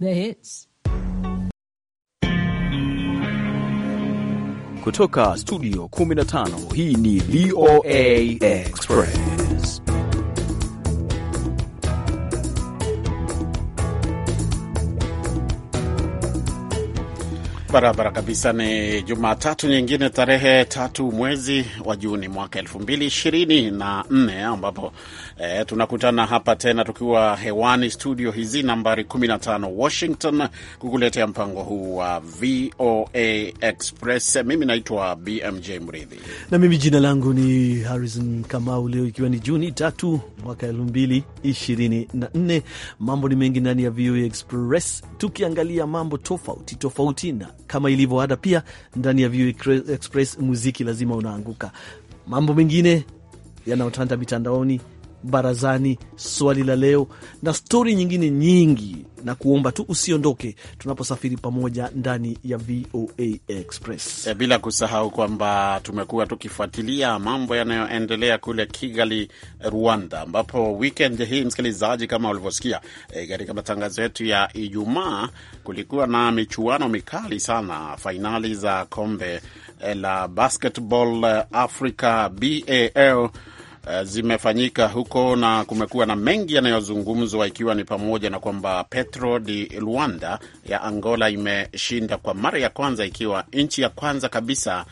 The hits. Kutoka studio 15 hii ni VOA Express. Barabara kabisa. Ni Jumatatu nyingine tarehe tatu mwezi wa Juni mwaka elfu mbili ishirini na nne ambapo E, tunakutana hapa tena tukiwa hewani studio hizi nambari 15 Washington, kukuletea mpango huu wa VOA Express. Mimi naitwa BMJ Mridhi na mimi jina langu ni Harrison Kamau. Leo ikiwa ni Juni tatu mwaka 224 mambo ni mengi ndani ya VOA Express, tukiangalia mambo tofauti tofauti, na kama ilivyo ada pia ndani ya VOA Express muziki lazima unaanguka, mambo mengine yanayotanda mitandaoni barazani, swali la leo na stori nyingine nyingi, na kuomba tu usiondoke tunaposafiri pamoja ndani ya VOA Express, eh, bila kusahau kwamba tumekuwa tukifuatilia mambo yanayoendelea kule Kigali, Rwanda, ambapo wikend hii, msikilizaji, kama ulivyosikia eh, katika e, matangazo yetu ya Ijumaa, kulikuwa na michuano mikali sana, fainali za kombe eh, la basketball Africa BAL Eh, zimefanyika huko na kumekuwa na mengi yanayozungumzwa ikiwa ni pamoja na kwamba Petro di Luanda ya Angola imeshinda kwa mara ya kwanza ikiwa nchi ya kwanza kabisa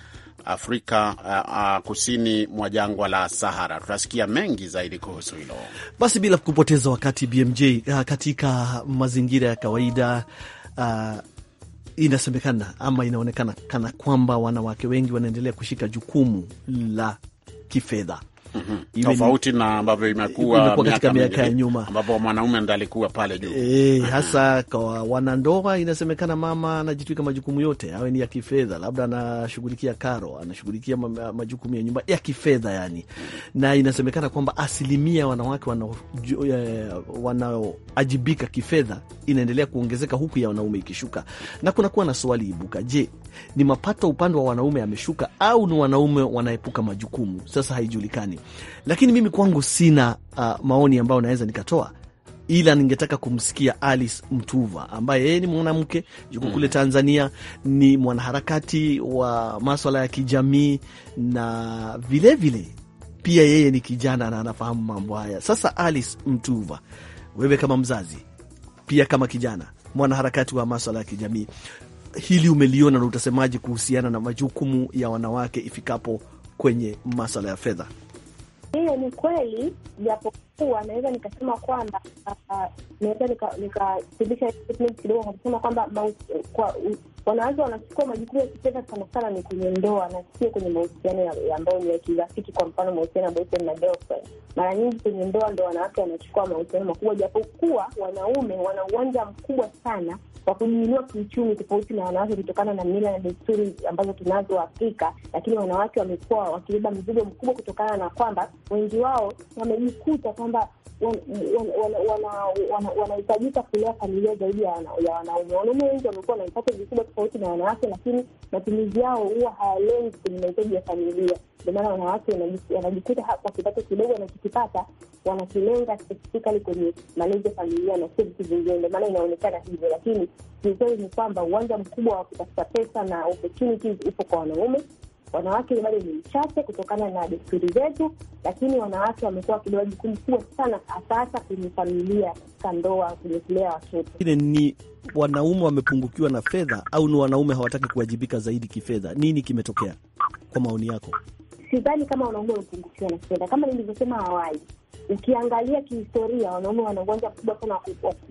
Afrika uh, uh, kusini mwa jangwa la Sahara. Tutasikia mengi zaidi kuhusu hilo. Basi bila kupoteza wakati BMJ, uh, eh, katika mazingira ya kawaida uh, inasemekana ama inaonekana kana kwamba wanawake wengi wanaendelea kushika jukumu la kifedha Mm-hmm. tofauti na ambavyo imekuwa katika miaka ya nyuma ambapo mwanaume ndiye alikuwa pale juu e, hasa kwa wanandoa. Inasemekana mama anajitwika majukumu yote, awe ni ya kifedha, labda anashughulikia karo, anashughulikia majukumu ya nyumba ya kifedha yani, na inasemekana kwamba asilimia wanawake eh, wanaoajibika kifedha inaendelea kuongezeka huku ya wanaume ikishuka, na kunakuwa na swali ibuka, je, ni mapato upande wa wanaume ameshuka au ni wanaume wanaepuka majukumu? Sasa haijulikani lakini mimi kwangu sina uh, maoni ambayo naweza nikatoa, ila ningetaka kumsikia Alice Mtuva ambaye yeye ni mwanamke yuko mm. kule Tanzania, ni mwanaharakati wa maswala ya kijamii na vilevile vile, pia yeye ni kijana na anafahamu mambo haya. Sasa Alice Mtuva, wewe kama mzazi pia kama kijana mwanaharakati wa maswala ya kijamii hili umeliona na utasemaje kuhusiana na majukumu ya wanawake ifikapo kwenye maswala ya fedha? Hiyo ni kweli, japokuwa naweza nikasema kwamba uh, uh, naweza nikatibisha kidogo kwa kusema kwamba wanawake wanachukua majukumu ya kifedha sana sana ni kwenye ndoa na sio kwenye mahusiano ambayo ni ya kirafiki. Kwa mfano mahusiano ya boyfriend na girlfriend, mara nyingi kwenye ndoa ndo wanawake wanachukua mahusiano makubwa, japokuwa wanaume wana uwanja mkubwa sana wa kujiinua kiuchumi, tofauti na wanawake kutokana na mila na desturi ambazo tunazo Afrika. Lakini wanawake wamekuwa wakibeba mzigo mkubwa kutokana na kwamba wengi wao wamejikuta kwamba wanahitajika kulea familia zaidi ya wanaume. Wanaume wengi wamekuwa wanaipata vikubwa tofauti na wanawake, lakini matumizi yao huwa hayalengi kwenye mahitaji ya familia. Ndio maana wanawake wanajikuta kwa kipato kidogo wanachokipata wanakilenga spesifikali kwenye malezi ya familia na sio vitu vingine. Ndio maana inaonekana hivyo, lakini kiukweli ni kwamba uwanja mkubwa wa kutafuta pesa na opportunities upo kwa wanaume Wanawake bado ni mchache kutokana na desturi zetu, lakini wanawake wamekuwa wakibewa jukumu kubwa sana, hasahasa kwenye familia, katika ndoa, kwenye kulea watoto. ni wanaume wamepungukiwa na fedha, au ni wanaume hawataki kuwajibika zaidi kifedha? Nini kimetokea kwa maoni yako? Sidhani kama wanaume wamepungukiwa na fedha, kama nilivyosema awali Ukiangalia kihistoria, wanaume wana uwanja mkubwa sana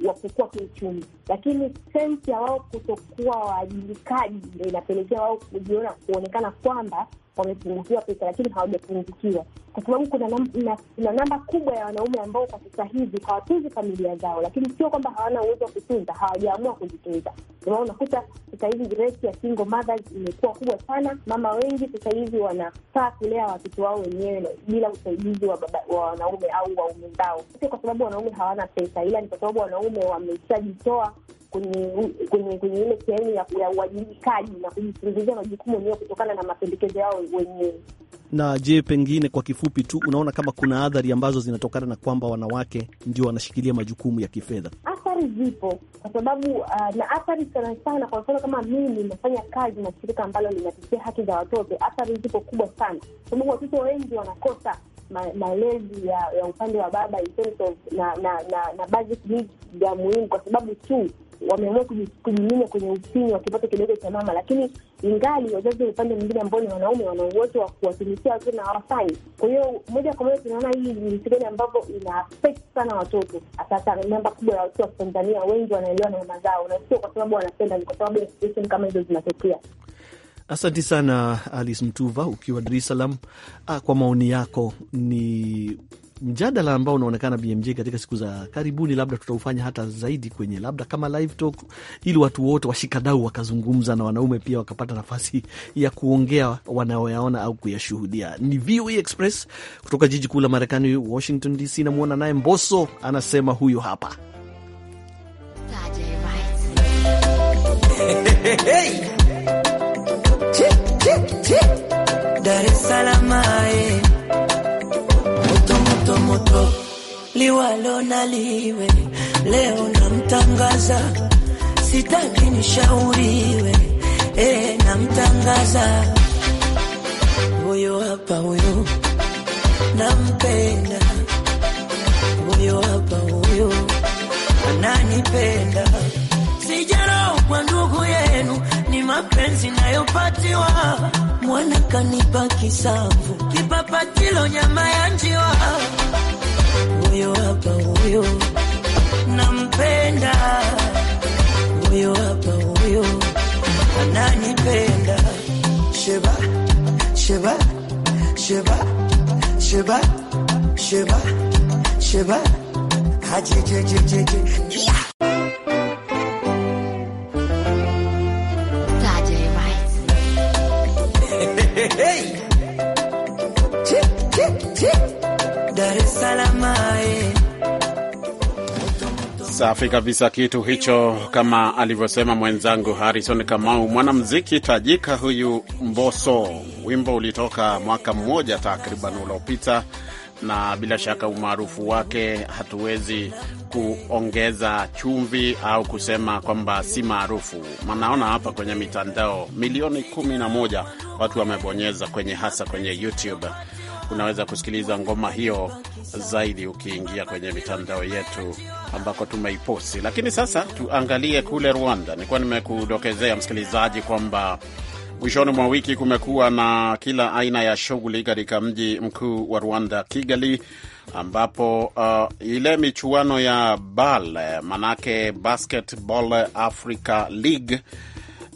wa kukua kiuchumi, lakini sensi ya wao kutokuwa waajibikaji inapelekea wao kujiona kuonekana kwamba wamepungukiwa pesa, lakini hawajapungukiwa kwa sababu kuna nam, na namba kubwa ya wanaume ambao kwa sasa hivi hawatunzi familia zao, lakini sio kwamba hawana uwezo wa kutunza, hawajaamua kujitunza. Ndio maana unakuta sasa hivi rate ya single mothers imekuwa kubwa sana. Mama wengi sasa hivi wanafaa kulea watoto wao wenyewe bila usaidizi wa baba, wa wanaume au waume zao, sio kwa sababu wanaume hawana pesa, ila ni kwa sababu wanaume wameshajitoa kwenye kwenye ile sehemu ya uwajibikaji na kujipunguzia majukumu wenyewe kutokana na mapendekezo yao wenyewe. Na je, pengine kwa kifupi tu, unaona kama kuna adhari ambazo zinatokana na kwamba wanawake ndio wanashikilia majukumu ya kifedha? Athari zipo kwa sababu uh, na athari sana sana. Kwa mfano kama mimi nafanya kazi na shirika ambalo linatetea haki za watoto, athari zipo kubwa sana kwa sababu watoto wengi wanakosa malezi ya, ya upande wa baba in terms of na na na, na basic needs ya muhimu kwa sababu tu wameamua kujiminya kwenye ufinyo wa kipato kidogo cha mama, lakini ingali wazazi wa upande mwingine ambao ni wanaume wana uwezo wa kuwatumikia watoto na hawafanyi. Kwa hiyo moja kwa moja tunaona hii ni jinsi gani ambavyo ina affect sana watoto. Sasa namba kubwa ya watoto wa Tanzania wengi wanaelewa na mama zao, na sio kwa sababu wanapenda, ni kwa sababu ya situation kama hizo zinatokea. Asanti sana Alice Mtuva ukiwa Dar es Salaam ah, kwa maoni yako. Ni mjadala ambao unaonekana BMJ katika siku za karibuni, labda tutaufanya hata zaidi kwenye labda kama live talk, ili watu wote washikadau wakazungumza na wanaume pia wakapata nafasi ya kuongea wanaoyaona au kuyashuhudia. Ni VOA e Express kutoka jiji kuu la Marekani, Washington DC. Namwona naye Mboso anasema huyu hapa Dar es Salaam eh moto liwalo na liwe, leo namtangaza, sitaki nishauriwe, eh, namtangaza huyo hapa, huyo nampenda, huyo hapa, huyo ananipenda sijara mapenzi nayopatiwa, mwana kanipa kisamvu, kipapatilo nyama ya njiwa, huyo hapa huyo nampenda, huyo hapa huyo ananipenda, sheba sheba sheba sheba sheba sheba hajejejeje Safi kabisa kitu hicho, kama alivyosema mwenzangu Harrison Kamau, mwanamuziki tajika huyu mboso Wimbo ulitoka mwaka mmoja takriban uliopita, na bila shaka umaarufu wake hatuwezi kuongeza chumvi au kusema kwamba si maarufu. Manaona hapa kwenye mitandao milioni kumi na moja watu wamebonyeza kwenye, hasa kwenye YouTube unaweza kusikiliza ngoma hiyo zaidi ukiingia kwenye mitandao yetu ambako tumeiposti. Lakini sasa tuangalie kule Rwanda. Nilikuwa nimekudokezea msikilizaji kwamba mwishoni mwa wiki kumekuwa na kila aina ya shughuli katika mji mkuu wa Rwanda, Kigali, ambapo uh, ile michuano ya BAL eh, manake Basketball Africa League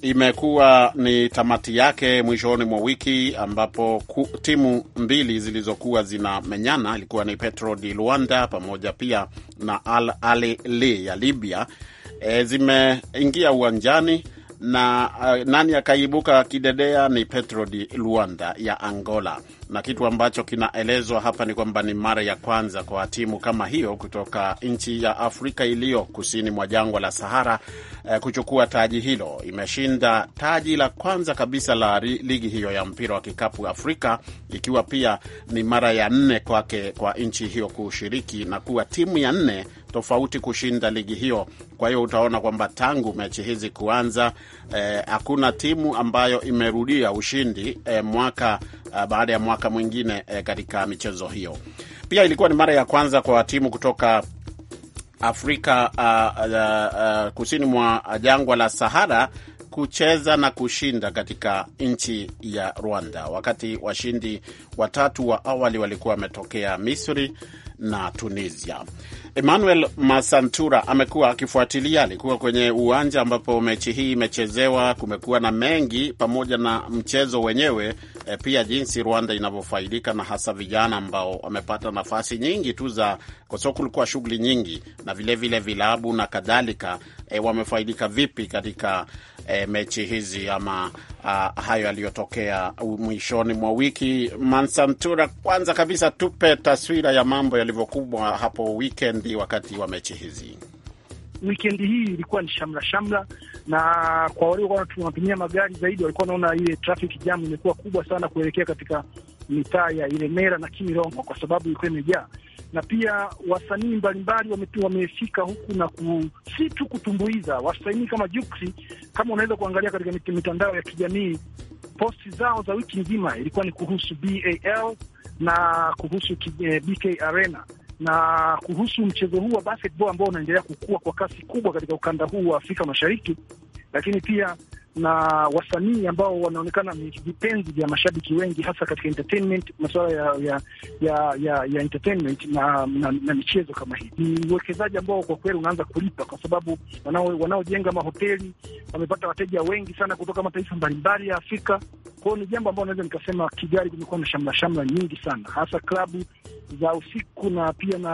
imekuwa ni tamati yake mwishoni mwa wiki ambapo ku, timu mbili zilizokuwa zinamenyana ilikuwa ni Petro di Luanda pamoja pia na Al Ahly ya Libya e, zimeingia uwanjani na uh, nani akaibuka kidedea ni Petro di Luanda ya Angola, na kitu ambacho kinaelezwa hapa ni kwamba ni mara ya kwanza kwa timu kama hiyo kutoka nchi ya Afrika iliyo kusini mwa jangwa la Sahara uh, kuchukua taji hilo. Imeshinda taji la kwanza kabisa la ligi hiyo ya mpira wa kikapu Afrika, ikiwa pia ni mara ya nne kwake kwa, kwa nchi hiyo kushiriki na kuwa timu ya nne tofauti kushinda ligi hiyo. Kwa hiyo utaona kwamba tangu mechi hizi kuanza eh, hakuna timu ambayo imerudia ushindi eh, mwaka eh, baada ya mwaka mwingine eh, katika michezo hiyo. Pia ilikuwa ni mara ya kwanza kwa timu kutoka Afrika uh, uh, uh, kusini mwa jangwa la Sahara kucheza na kushinda katika nchi ya Rwanda, wakati washindi watatu wa awali walikuwa wametokea Misri na Tunisia. Emmanuel Masantura amekuwa akifuatilia, alikuwa kwenye uwanja ambapo mechi hii imechezewa. Kumekuwa na mengi pamoja na mchezo wenyewe e, pia jinsi Rwanda inavyofaidika na hasa vijana ambao wamepata nafasi nyingi tu za kwa sababu kulikuwa shughuli nyingi na vilevile vile vilabu na kadhalika e, wamefaidika vipi katika e, mechi hizi ama a, ah, hayo yaliyotokea mwishoni mwa wiki. Mansantura, kwanza kabisa tupe taswira ya mambo yalivyokubwa hapo wikendi wakati wa mechi hizi wikendi hii ilikuwa ni shamra shamla na kwa waliokuwa wanatumia magari zaidi walikuwa wanaona ile traffic jam imekuwa kubwa sana kuelekea katika mitaa ya mera na Kimirongo kwa sababu ilikuwa imejaa, na pia wasanii mbalimbali wamefika huku na ku, si tu kutumbuiza. Wasanii kama Juksi, kama unaweza kuangalia katika mitandao ya kijamii, posti zao za wiki nzima ilikuwa ni kuhusu BAL na kuhusu BK eh, Arena na kuhusu mchezo huu wa basketball ambao unaendelea kukua kwa kasi kubwa katika ukanda huu wa Afrika Mashariki, lakini pia na wasanii ambao wanaonekana ni vipenzi vya mashabiki wengi, hasa katika entertainment, masuala ya ya ya, ya, ya entertainment na, na, na michezo kama hii. Ni uwekezaji ambao kwa kweli unaanza kulipa, kwa sababu wanaojenga wanao mahoteli wamepata wateja wengi sana kutoka mataifa mbalimbali ya Afrika. Kwao ni jambo ambalo naweza nikasema Kigali kumekuwa na shamla shamla nyingi sana, hasa klabu za usiku na pia na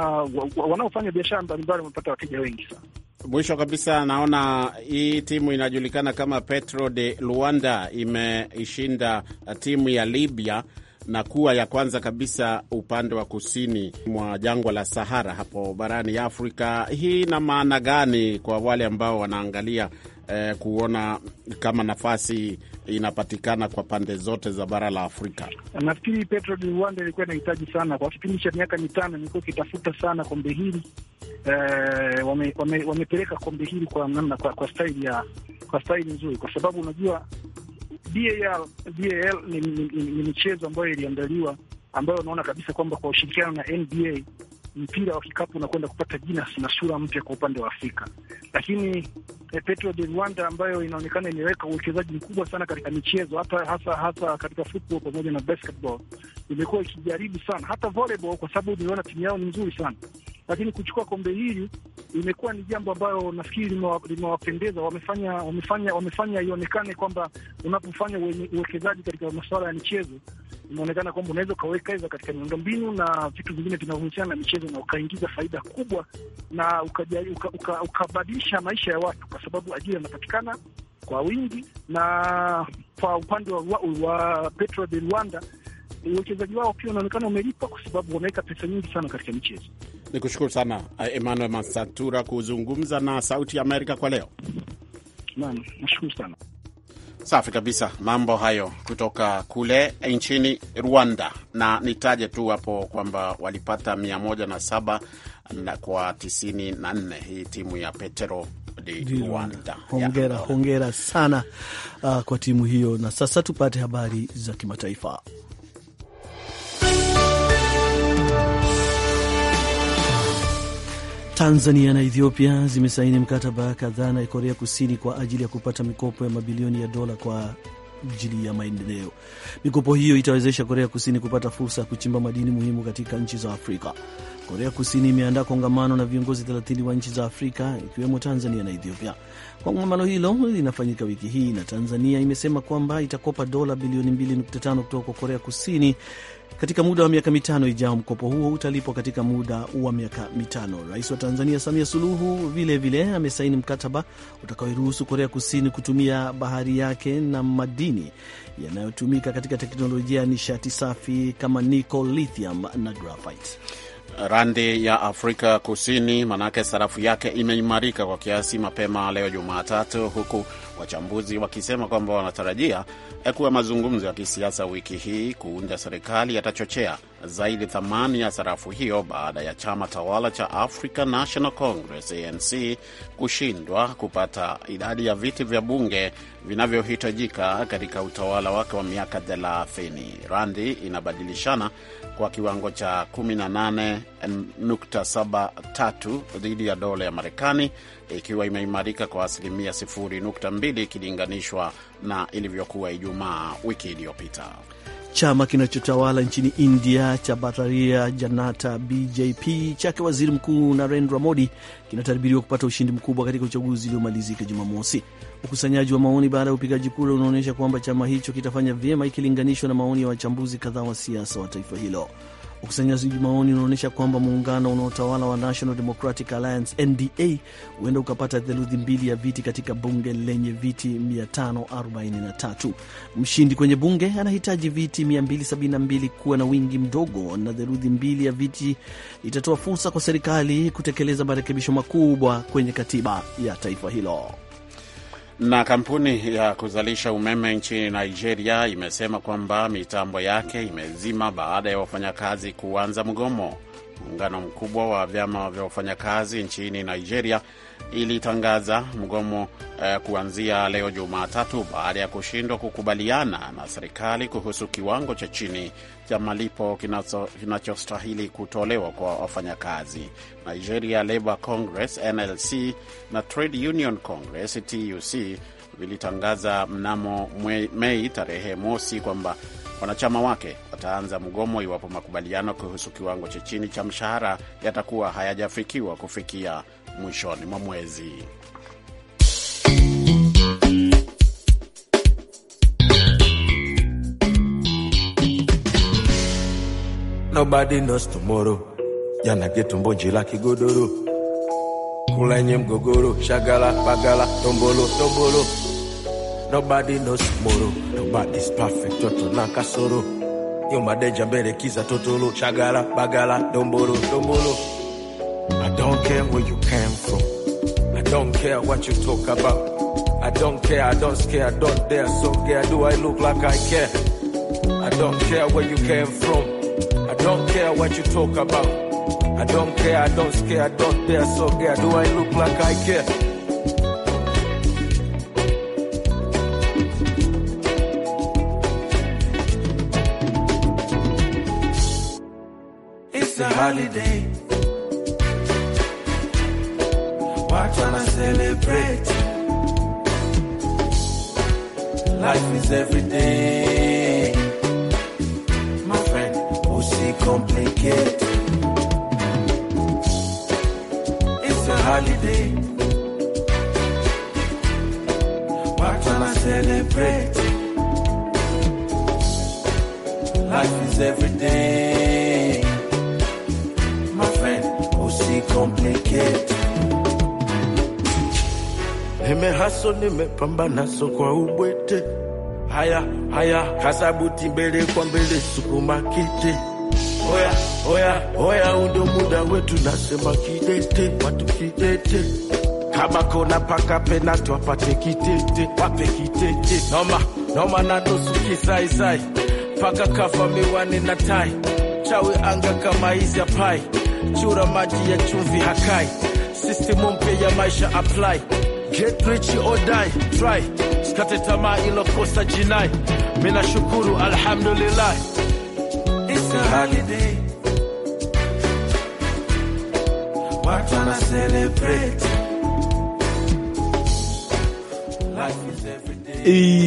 wanaofanya biashara mbalimbali wamepata wateja wengi sana. Mwisho kabisa, naona hii timu inajulikana kama Petro de Luanda imeishinda timu ya Libya na kuwa ya kwanza kabisa upande wa kusini mwa jangwa la Sahara hapo barani Afrika. Hii ina maana gani kwa wale ambao wanaangalia eh, kuona kama nafasi inapatikana kwa pande zote za bara la Afrika. Nafikiri Petro di Rwanda ilikuwa inahitaji sana, kwa kipindi cha miaka mitano imekuwa ikitafuta sana kombe hili eh, wamepeleka wame, wame kombe hili kwa namna kwa, kwa staili ya kwa staili nzuri, kwa sababu unajua BAL, BAL ni, ni michezo ambayo iliandaliwa ambayo unaona kabisa kwamba kwa ushirikiano na NBA mpira wa kikapu unakwenda kupata jina na sura mpya kwa upande wa Afrika. Lakini eh, Petro de Rwanda ambayo inaonekana imeweka uwekezaji mkubwa sana katika michezo hata hasa hasa katika football pamoja na basketball, imekuwa ikijaribu sana hata volleyball, kwa sababu niliona timu yao ni nzuri sana lakini kuchukua kombe hili imekuwa ni jambo ambayo nafikiri limewapendeza. Wamefanya wamefanya wamefanya ionekane kwamba unapofanya uwekezaji katika masuala ya michezo inaonekana kwamba unaweza ukaweka hivyo katika miundombinu na vitu vingine vinavyohusiana na michezo na ukaingiza faida kubwa na ukabadilisha uka, uka, uka maisha ya watu, kwa sababu ajira inapatikana kwa wingi. Na kwa upande wa, wa, wa Petro de rwanda uwekezaji wao pia unaonekana umelipa kwa sababu wameweka pesa nyingi sana katika michezo. Ni kushukuru sana eh, Emmanuel Masatura kuzungumza na Sauti ya Amerika kwa leo. Naam, nashukuru sana. Safi kabisa, mambo hayo kutoka kule nchini Rwanda. Na nitaje tu hapo kwamba walipata 17 na kwa 94 hii timu ya Petero Rwanda. Hongera, hongera sana uh, kwa timu hiyo. Na sasa tupate habari za kimataifa. Tanzania na Ethiopia zimesaini mkataba kadhaa na Korea Kusini kwa ajili ya kupata mikopo ya mabilioni ya dola kwa ajili ya maendeleo. Mikopo hiyo itawezesha Korea Kusini kupata fursa ya kuchimba madini muhimu katika nchi za Afrika. Korea Kusini imeandaa kongamano na viongozi 30 wa nchi za Afrika ikiwemo Tanzania na Ethiopia. Kongamano hilo linafanyika wiki hii na Tanzania imesema kwamba itakopa dola bilioni 2.5 kutoka kwa Korea Kusini katika muda wa miaka mitano ijao, mkopo huo utalipwa katika muda wa miaka mitano. Rais wa Tanzania Samia Suluhu vilevile vile amesaini mkataba utakaoiruhusu Korea Kusini kutumia bahari yake na madini yanayotumika katika teknolojia ya nishati safi kama nickel, lithium na graphite. Randi ya Afrika Kusini, manake sarafu yake imeimarika kwa kiasi mapema leo Jumatatu, huku wachambuzi wakisema kwamba wanatarajia kuwa mazungumzo ya kisiasa wiki hii kuunda serikali yatachochea zaidi thamani ya sarafu hiyo baada ya chama tawala cha African National Congress ANC kushindwa kupata idadi ya viti vya bunge vinavyohitajika katika utawala wake wa miaka 30. Randi inabadilishana kwa kiwango cha 18.73 dhidi ya dola ya Marekani, ikiwa imeimarika kwa asilimia 0.2 ikilinganishwa na ilivyokuwa Ijumaa wiki iliyopita. Chama kinachotawala nchini India cha Bharatiya Janata BJP chake waziri mkuu Narendra Modi kinatabiriwa kupata ushindi mkubwa katika uchaguzi uliomalizika Jumamosi. Ukusanyaji wa maoni baada ya upigaji kura unaonyesha kwamba chama hicho kitafanya vyema ikilinganishwa na maoni ya wachambuzi kadhaa wa siasa wa taifa hilo. Ukusanyaji maoni unaonyesha kwamba muungano unaotawala wa National Democratic Alliance NDA huenda ukapata theluthi mbili ya viti katika bunge lenye viti 543. Mshindi kwenye bunge anahitaji viti 272 kuwa na wingi mdogo, na theluthi mbili ya viti itatoa fursa kwa serikali kutekeleza marekebisho makubwa kwenye katiba ya taifa hilo. Na kampuni ya kuzalisha umeme nchini Nigeria imesema kwamba mitambo yake imezima baada ya wafanyakazi kuanza mgomo. Muungano mkubwa wa vyama vya wafanyakazi nchini Nigeria ilitangaza mgomo eh, kuanzia leo Jumatatu baada ya kushindwa kukubaliana na serikali kuhusu kiwango cha chini cha malipo kinachostahili kutolewa kwa wafanyakazi. Nigeria Labour Congress NLC na Trade Union Congress TUC vilitangaza mnamo Mei tarehe mosi kwamba wanachama wake wataanza mgomo iwapo makubaliano kuhusu kiwango cha chini cha mshahara yatakuwa hayajafikiwa kufikia mwishoni mwa mwezi. Nobody knows tomorrow, jana getumbonji la kigodoro kulenye mgogoro shagala bagala tombolo tombolo. Nobody knows tomorrow, nobody's perfect, toto na kasoro yo madeja mbele kiza totolo shagala bagala dombolo dombolo don't care where you came from. I don't care what you talk about. I don't care, I don't care, I don't dare. So care, do I look like I care? I don't care where you came from. I don't care what you talk about. I don't care, I don't care, I don't dare. So care, do I look like I care? It's a holiday. celebrate. Life is every day. My friend, pussy complicate. It's a holiday. Why can I celebrate? Life is every day. nimepambana so kwa ubwete. Haya haya kasabuti mbele kwa mbele sukuma kite. Oya oya oya, undo muda wetu nasema kidete, watu kidete kama kona paka penatu apate kitete, wape kitete noma noma na nusu kisaisai paka kafa miwani na tai chawi anga kama hizi apai chura maji ya chumvi hakai, sistimu mpya ya maisha apply Get rich or die, try. Sikate tamaa ilokosa jinai. Mina shukuru alhamdulillah. It's a holiday. Watu wana celebrate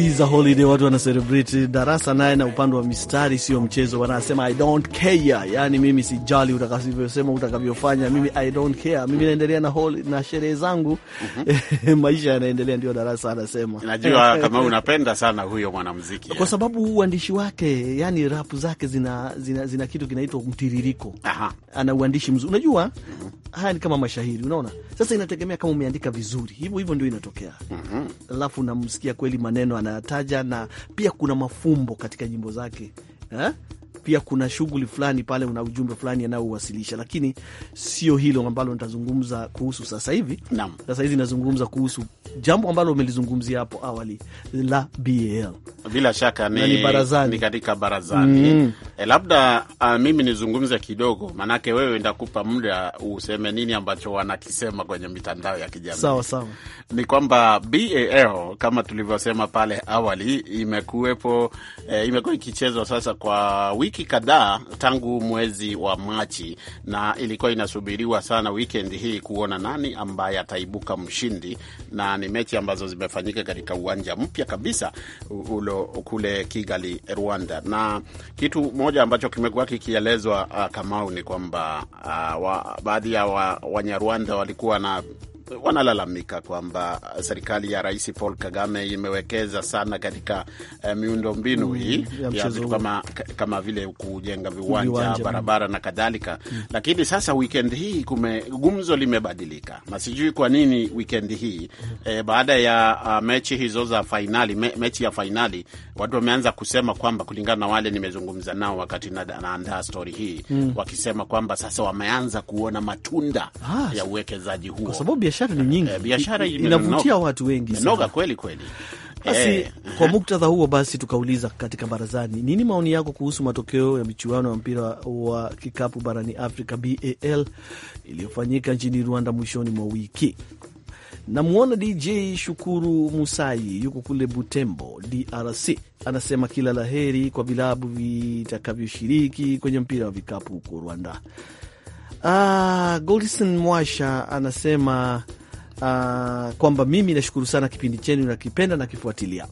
za holiday, watu wana celebrate darasa naye na upande wa mistari, sio mchezo. Wanasema I don't care, yani mimi sijali utakavyosema utakavyofanya, mimi I don't care, mimi naendelea na holi, na sherehe zangu mm -hmm. maisha yanaendelea, ndio darasa anasema. Najua kama unapenda sana huyo mwanamuziki kwa sababu uandishi wake, yani rap zake zina, zina, zina kitu kinaitwa mtiririko. Aha. ana uandishi mzuri, unajua mm -hmm. haya ni kama mashahiri, unaona. Sasa inategemea kama umeandika vizuri, hivyo hivyo ndio inatokea mm -hmm. alafu namsikia kweli maneno anayataja, na pia kuna mafumbo katika nyimbo zake eh? pia kuna shughuli fulani pale, una ujumbe fulani anayowasilisha, lakini sio hilo ambalo nitazungumza kuhusu sasa hivi. Naam, sasa hivi nazungumza kuhusu jambo ambalo umelizungumzia hapo awali la BAL. Bila shaka ni, ni, Ni katika barazani mm. E, labda a, ah, mimi nizungumze kidogo, maanake wewe ndakupa muda useme nini ambacho wanakisema kwenye mitandao ya kijamii. Sawa sawa, ni kwamba BAL kama tulivyosema pale awali imekuwepo, e, imekuwa ikichezwa sasa kwa wiki wiki kadhaa tangu mwezi wa Machi, na ilikuwa inasubiriwa sana wikendi hii kuona nani ambaye ataibuka mshindi, na ni mechi ambazo zimefanyika katika uwanja mpya kabisa ulo kule Kigali, Rwanda. Na kitu moja ambacho kimekuwa kikielezwa uh, Kamau ni kwamba uh, baadhi ya Wanyarwanda wa walikuwa na wanalalamika kwamba serikali ya Rais Paul Kagame imewekeza sana katika eh, miundombinu mm, hii ya vitu kama, kama vile kujenga viwanja, mm. barabara na kadhalika mm. Lakini sasa wikendi hii kume, gumzo limebadilika na sijui kwa nini wikendi hii eh, baada ya uh, mechi hizo za fainali me, mechi ya fainali watu wameanza kusema kwamba kulingana na wale nimezungumza nao wakati naandaa stori hii mm. wakisema kwamba sasa wameanza kuona matunda ah, ya uwekezaji huo kwa sababu biashara ni nyingi, eh, biashara inavutia watu wengi noga kweli kweli. Basi eh, kwa muktadha huo basi tukauliza katika barazani, nini maoni yako kuhusu matokeo ya michuano ya mpira wa kikapu barani Afrika BAL iliyofanyika nchini Rwanda mwishoni mwa wiki? Namwona DJ Shukuru Musai yuko kule Butembo, DRC, anasema kila laheri kwa vilabu vitakavyoshiriki kwenye mpira wa vikapu huko Rwanda. Ah, Goldson Mwasha anasema uh, kwamba mimi nashukuru sana kipindi chenu, nakipenda nakifuatilia.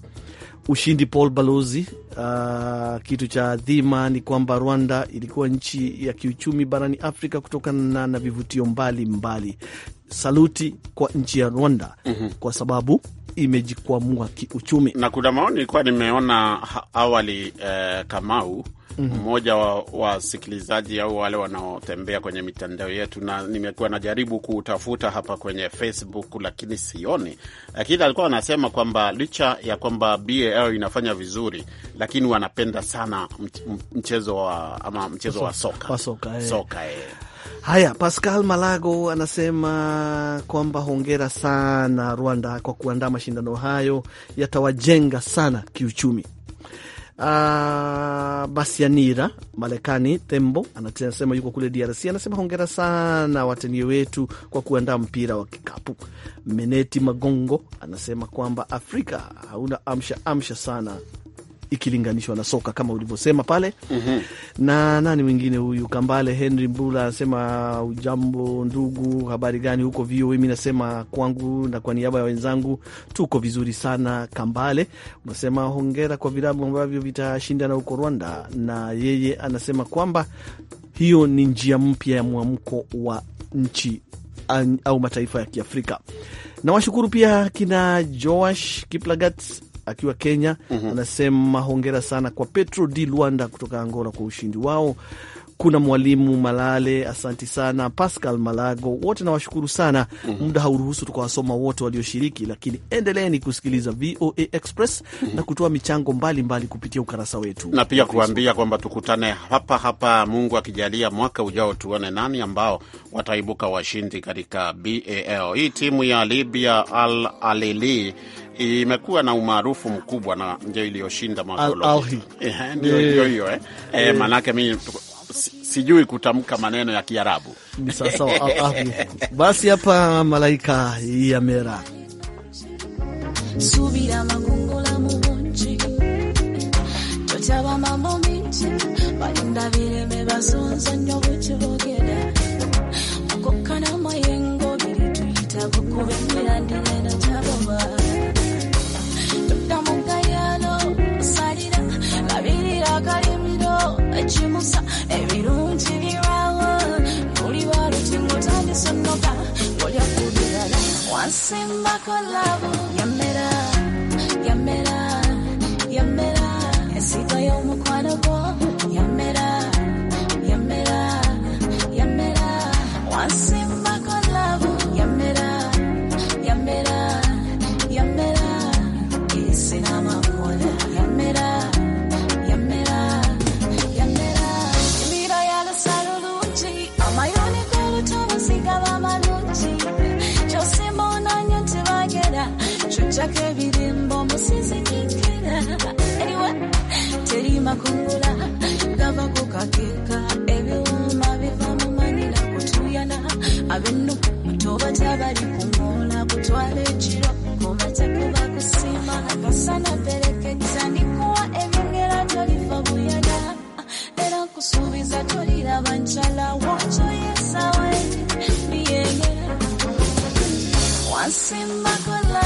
Ushindi Paul Balozi, Uh, kitu cha dhima ni kwamba Rwanda ilikuwa nchi ya kiuchumi barani Afrika kutokana na vivutio mbalimbali. Saluti kwa nchi ya Rwanda mm -hmm. kwa sababu imejikwamua kiuchumi. Na kuna maoni nilikuwa nimeona awali eh, Kamau mhm. mmoja mm -hmm. wa wasikilizaji au wale wanaotembea kwenye mitandao yetu, na nimekuwa najaribu kutafuta hapa kwenye Facebook lakini sioni, lakini alikuwa anasema kwamba licha ya kwamba BAL inafanya vizuri, lakini wanapenda sana mchezo wa ama mchezo wa soka, wa soka, soka, eh. soka, eh. Haya, Pascal Malago anasema kwamba hongera sana Rwanda kwa kuandaa mashindano hayo, yatawajenga sana kiuchumi. Uh, Basianira Marekani Tembo anasema yuko kule DRC, anasema hongera sana watani wetu kwa kuandaa mpira wa kikapu. Meneti Magongo anasema kwamba Afrika hauna amsha amsha sana ikilinganishwa na soka kama ulivyosema pale. mm -hmm. Na nani mwingine huyu Kambale Henry Mbula anasema ujambo ndugu, habari gani huko VOA? Mi nasema kwangu na kwa niaba ya wenzangu tuko vizuri sana. Kambale unasema hongera kwa vilabu ambavyo vitashindana huko Rwanda, na yeye anasema kwamba hiyo ni njia mpya ya mwamko wa nchi au mataifa ya Kiafrika. Nawashukuru pia kina Joash Kiplagat akiwa Kenya mm -hmm. Anasema hongera sana kwa Petro di Luanda kutoka Angola kwa ushindi wao. Kuna Mwalimu Malale, asanti sana Pascal Malago, wote nawashukuru sana mm -hmm. Muda hauruhusu tukawasoma wote walioshiriki, lakini endeleeni kusikiliza VOA Express mm -hmm. na kutoa michango mbalimbali mbali kupitia ukarasa wetu, na pia kuambia kwamba tukutane hapa hapa, Mungu akijalia, mwaka ujao tuone nani ambao wataibuka washindi katika BAL. Hii timu ya Libya Al Alili imekuwa na umaarufu mkubwa na ndio iliyoshinda makoloni. Eh, ndio hiyo eh. hiyo eh. Eh, eh. manake mimi sijui kutamka maneno ya Kiarabu. Sawa, basi hapa malaika ya mera simba kolabo yamera yamera yamera esito y'omukwano gwo ettaka ebirimba omusizikikera eriwa teri makungula gavako kakeka ebiwuma bivamumanyira kutuyana abennuku mutobata bali kungola kutwala ekiro komatekuba kusima akasana perekeza nikuwa ebyongera tolifa buyana era nkusuubiza toliraba nkyala wacyo yesawe biyeyera wasimbakolabo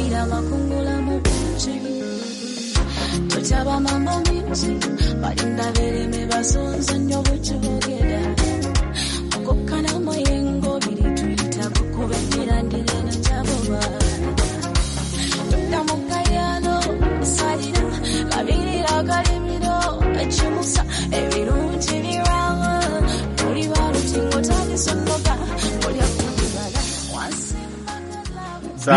makungula mu bungi tutyaba mambo mingi balinda bereme basonza nnyo bwekibogera okokka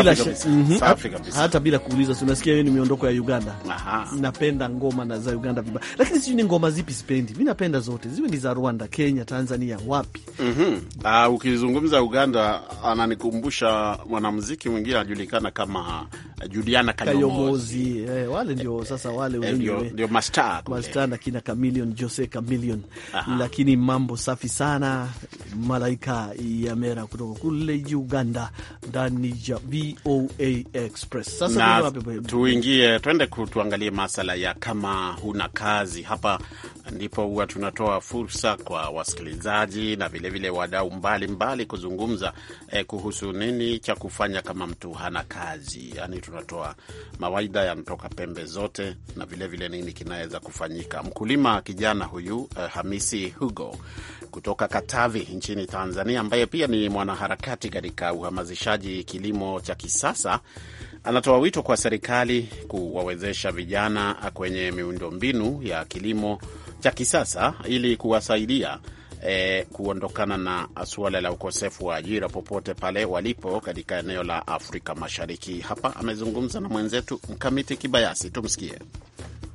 bila mm -hmm. hata bila kuuliza, unasikia hiyo ni miondoko ya Uganda. Aha. Napenda ngoma na za Uganda vibaya, lakini sijui ni ngoma zipi sipendi. Mi napenda zote, ziwe ni za Rwanda, Kenya, Tanzania, wapi. mm -hmm. Uh, ukizungumza Uganda ananikumbusha mwanamuziki mwingine anajulikana kama eh, Juliana Kayomozi. Eh, wale ndio eh, sasa wale eh, ndio mastaa mastaa na kina Chameleon, Jose Chameleon, lakini mambo safi sana Malaika ya Mera kutoka kule Uganda ndani ya VOA Express. Sasa tuingie, twende tuangalie masala ya kama huna kazi hapa ndipo huwa tunatoa fursa kwa wasikilizaji na vilevile wadau mbalimbali kuzungumza eh, kuhusu nini cha kufanya kama mtu hana kazi. Yani tunatoa mawaidha yanatoka pembe zote, na vilevile vile nini kinaweza kufanyika. Mkulima kijana huyu eh, Hamisi Hugo kutoka Katavi nchini Tanzania, ambaye pia ni mwanaharakati katika uhamasishaji kilimo cha kisasa anatoa wito kwa serikali kuwawezesha vijana kwenye miundombinu ya kilimo cha kisasa ili kuwasaidia eh, kuondokana na suala la ukosefu wa ajira popote pale walipo katika eneo la Afrika Mashariki. Hapa amezungumza na mwenzetu Mkamiti Kibayasi, tumsikie.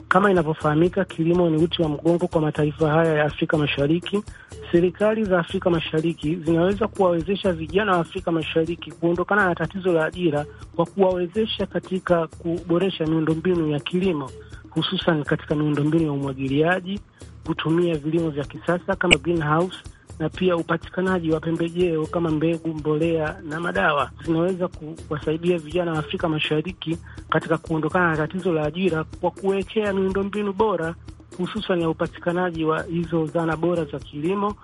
Kama inavyofahamika, kilimo ni uti wa mgongo kwa mataifa haya ya Afrika Mashariki. Serikali za Afrika Mashariki zinaweza kuwawezesha vijana wa Afrika Mashariki kuondokana na tatizo la ajira kwa kuwawezesha katika kuboresha miundombinu ya kilimo hususan katika miundombinu ya umwagiliaji, kutumia vilimo vya kisasa kama greenhouse, na pia upatikanaji wa pembejeo kama mbegu, mbolea na madawa zinaweza kuwasaidia vijana wa Afrika Mashariki katika kuondokana na tatizo la ajira kwa kuwekea miundombinu bora, hususan ya upatikanaji wa hizo zana bora za kilimo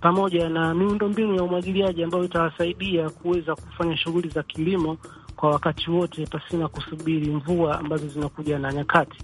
pamoja na miundombinu ya umwagiliaji ambayo itawasaidia kuweza kufanya shughuli za kilimo kwa wakati wote pasina kusubiri mvua ambazo zinakuja na nyakati.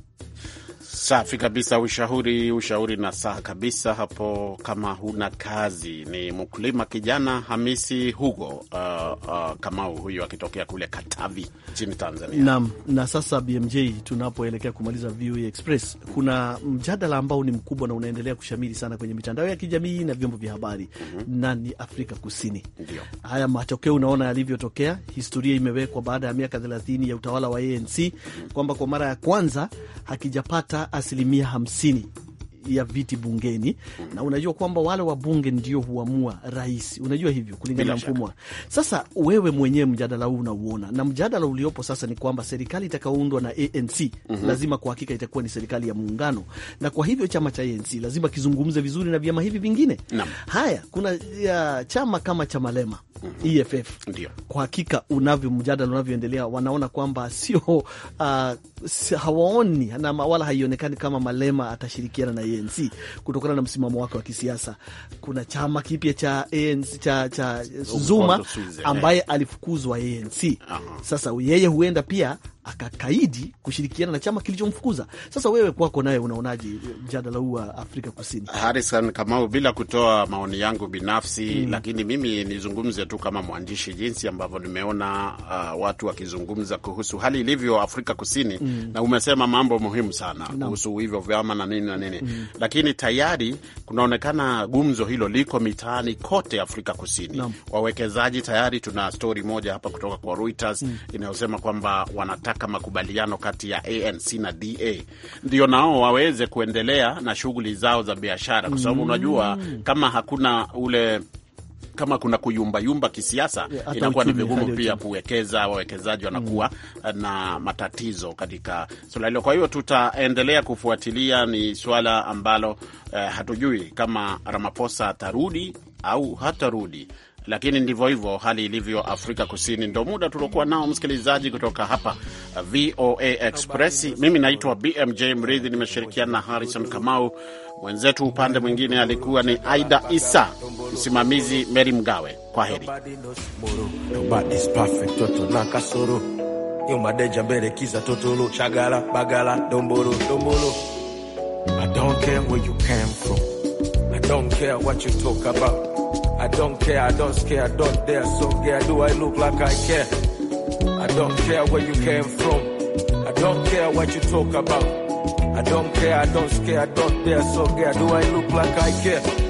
Safi kabisa, ushauri ushauri na saa kabisa hapo. Kama huna kazi, ni mkulima kijana Hamisi Hugo uh, uh, Kamau huyu akitokea kule Katavi nchini Tanzania. Naam, na sasa BMJ, tunapoelekea kumaliza VOA Express, kuna mjadala ambao ni mkubwa na unaendelea kushamiri sana kwenye mitandao ya kijamii na vyombo vya habari mm -hmm. na ni Afrika Kusini. Ndiyo. Haya matokeo unaona yalivyotokea, historia imewekwa baada ya miaka thelathini ya utawala wa ANC kwamba kwa mara ya kwanza hakijapata sasa asilimia 50 ya viti bungeni mm. na unajua kwamba wale wa bunge ndio huamua rais, unajua hivyo kulingana na mfumo. Sasa wewe mwenyewe mjadala huu unauona, na mjadala uliopo sasa ni kwamba serikali itakaoundwa na ANC mm -hmm. lazima kwa hakika itakuwa ni serikali ya muungano, na kwa hivyo chama cha ANC lazima kizungumze vizuri na vyama hivi vingine na. Haya, kuna ya, chama kama cha Malema mm -hmm. EFF ndio Kwa hakika unavyo mjadala unavyoendelea, wanaona kwamba sio uh, hawaoni na wala haionekani kama Malema atashirikiana na yeye ANC kutokana na msimamo wake wa kisiasa. Kuna chama kipya cha ANC, cha, cha Zuma eh. ambaye alifukuzwa ANC. Sasa yeye huenda pia akakaidi kushirikiana na chama kilichomfukuza. Sasa wewe kwako naye unaonaje mjadala huu wa Afrika Kusini? Harrison Kamau, bila kutoa maoni yangu binafsi mm, lakini mimi nizungumze tu kama mwandishi jinsi ambavyo nimeona uh, watu wakizungumza kuhusu hali ilivyo Afrika Kusini mm, na umesema mambo muhimu sana no, kuhusu hivyo vyama na nini na nini mm, lakini tayari kunaonekana gumzo hilo liko mitaani kote Afrika Kusini no, wawekezaji tayari, tuna stori moja hapa kutoka kwa Reuters mm, inayosema kwamba wanataka ka makubaliano kati ya ANC na DA ndio nao waweze kuendelea na shughuli zao za biashara, kwa sababu mm. unajua kama hakuna ule kama kuna kuyumbayumba kisiasa yeah, inakuwa ni vigumu pia kuwekeza. Wawekezaji wanakuwa mm, na matatizo katika suala hilo. Kwa hiyo tutaendelea kufuatilia, ni suala ambalo eh, hatujui kama Ramaphosa atarudi au hatarudi lakini ndivyo hivyo hali ilivyo Afrika Kusini. Ndo muda tuliokuwa nao, msikilizaji, kutoka hapa VOA Express. Mimi naitwa BMJ Mridhi, nimeshirikiana na Harrison Kamau. Mwenzetu upande mwingine alikuwa ni Aida Isa, msimamizi Meri Mgawe. Kwa heri. I don't care what you talk about. I don't care, I don't scare, I don't dare. So care, do I look like I care? I don't care where you came from. I don't care what you talk about. I don't care, I don't scare, I don't dare. So care, do I look like I care?